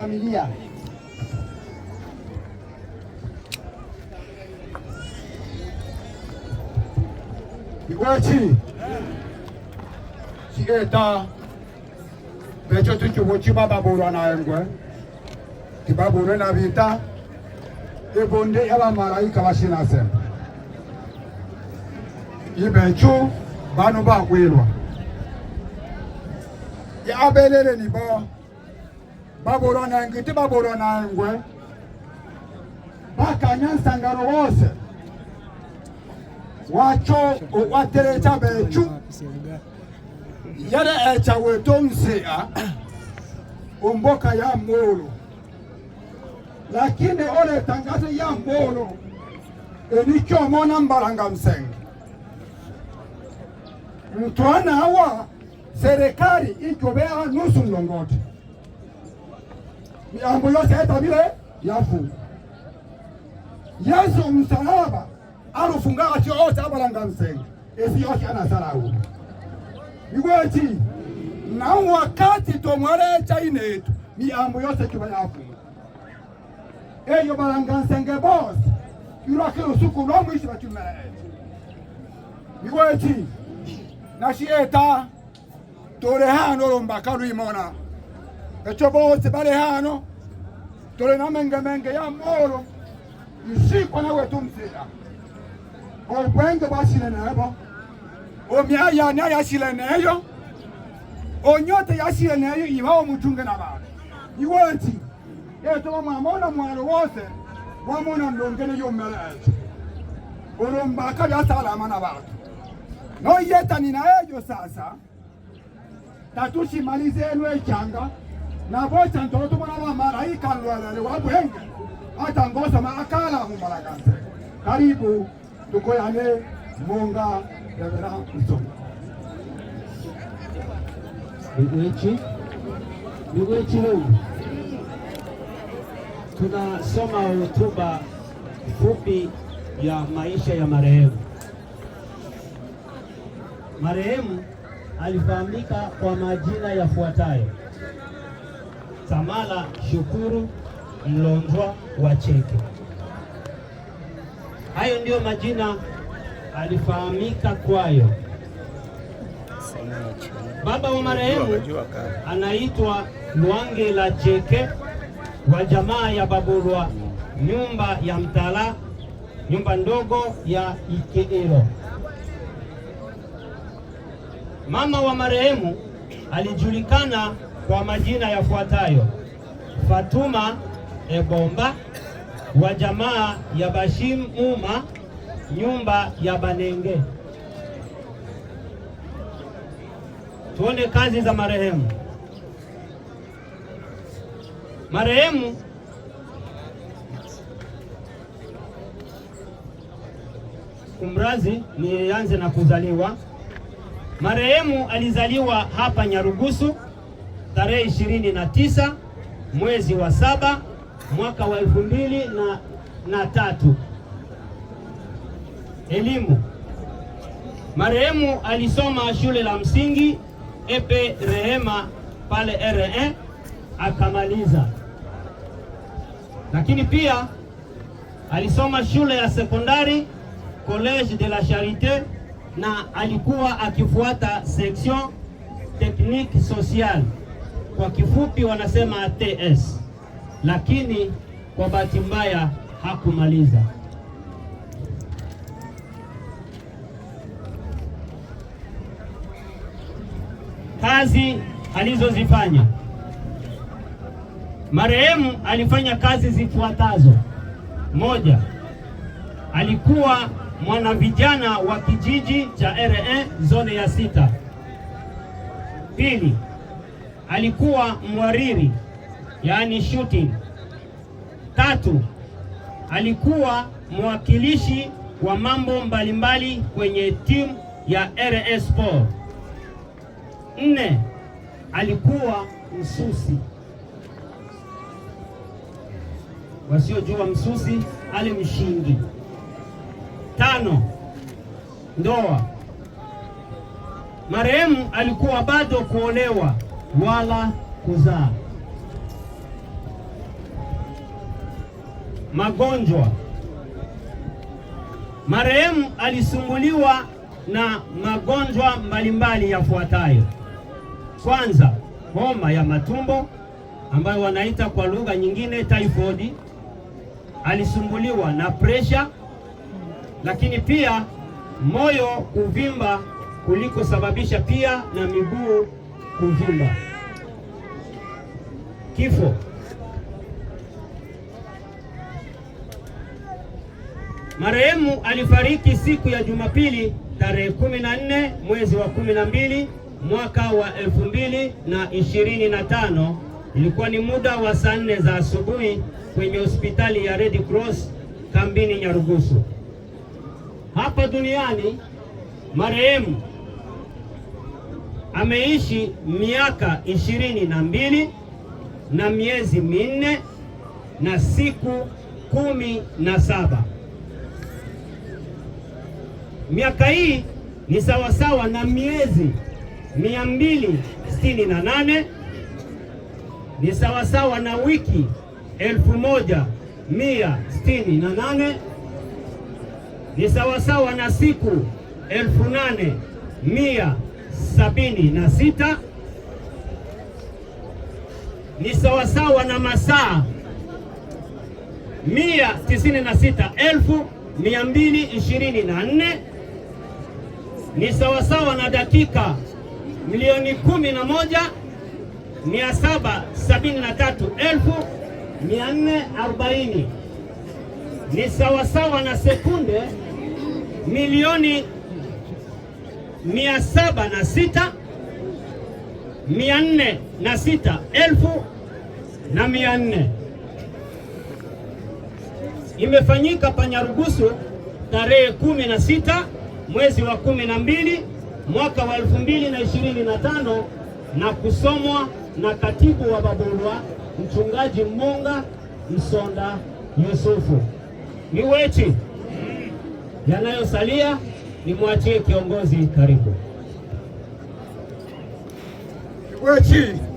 familia. Iwochi sigeta becho tuchu wochi baba borwa na engwe tibabure na vita ebonde yaba malaika bashina sem ibechu banu bakwirwa yabelele ni bo baboro na ngiti baboro na ngwe bakanyansangaro bose wacho waterecha bechu yere echa weto msia umboka ya molo lakini ole tangazo ya molo enichomona mbaranga msenge mtwana wa serikali ichobea nusu mlongoti ambulansi ayetabile yafu yesu msalaba alufunga atyo ose abalanga msenga esi yose anasalawu igweki nawu wakati tomwalecha inetu miambo yose kiba yafunga eyo balanga nsenge bose ilwakila usuku lwomwishi bakimelecha nashieta nashiyeta lwimona ecoboose bali hano tuli na mengemenge ya molo nshikwa nawe tumzila obwenge bwashile nebo omyayana yashile onyote yashile neyo ibawo na bana iweti yetoba mwamona mwalo wose wamona ndongene yomeleze olombaka byasalama na bantu noyetani na ejo sasa tatushimalize echanga na bocha ntoto mwana mara hii kanwalale wabu hengi hata ngosa maakala mumaragase karibu tukoyane munga revera msonga Miwechi Miwechi, leo tunasoma hotuba fupi ya maisha ya marehemu. Marehemu alifahamika kwa majina yafuatayo: Samala Shukuru Mlondwa wa Cheke. Hayo ndiyo majina alifahamika kwayo. Baba wa marehemu anaitwa Lwange la Cheke wa jamaa ya Baburwa, nyumba ya Mtala, nyumba ndogo ya Ikeelo. Mama wa marehemu alijulikana kwa majina yafuatayo: Fatuma Ebomba wa jamaa ya Uma nyumba ya Banenge. Tuone kazi za marehemu. Marehemu kumrazi, nianze na kuzaliwa. Marehemu alizaliwa hapa Nyarugusu tarehe ishirini na tisa mwezi wa saba mwaka wa elfu mbili na, na tatu. Elimu. Marehemu alisoma shule la msingi Epe Rehema pale r e, akamaliza, lakini pia alisoma shule ya sekondari College de la Charite na alikuwa akifuata section technique sociale kwa kifupi wanasema ATS, lakini kwa bahati mbaya hakumaliza. Kazi alizozifanya marehemu, alifanya kazi zifuatazo: moja, alikuwa mwana vijana wa kijiji cha RE zone ya sita. Pili, alikuwa mwariri, yaani shooting. Tatu, alikuwa mwakilishi wa mambo mbalimbali kwenye timu ya RS 4 Nne, alikuwa msusi. Wasiojua msusi ali mshingi. Tano, ndoa. Marehemu alikuwa bado kuolewa wala kuzaa. Magonjwa. Marehemu alisumbuliwa na magonjwa mbalimbali yafuatayo. Kwanza, homa ya matumbo ambayo wanaita kwa lugha nyingine typhoid. Alisumbuliwa na presha, lakini pia moyo kuvimba kulikosababisha pia na miguu kuvimba. Kifo marehemu alifariki siku ya Jumapili tarehe 14 mwezi wa 12 mwaka wa 2025 ilikuwa ni muda wa saa nne za asubuhi kwenye hospitali ya Red Cross kambini Nyarugusu. Hapa duniani marehemu ameishi miaka ishirini na mbili na miezi minne na siku kumi na saba. Miaka hii ni sawasawa na miezi mia mbili sitini na nane ni sawasawa na wiki elfu moja mia sitini na nane ni sawasawa na siku elfu nane mia sabini na sita ni sawasawa na masaa mia tisini na sita elfu mia mbili ishirini na nne ni sawasawa na dakika milioni kumi na moja mia saba sabini na tatu elfu mia nne arobaini ni sawasawa na sekunde milioni mia saba na sita mia nne na sita elfu na mia nne imefanyika panyarugusu tarehe kumi na sita mwezi wa kumi na mbili mwaka wa elfu mbili na ishirini na tano na kusomwa na katibu wa babulwa mchungaji Mmonga Msonda Yusufu. Ni wechi yanayosalia Nimwachie kiongozi, karibu. Kikwete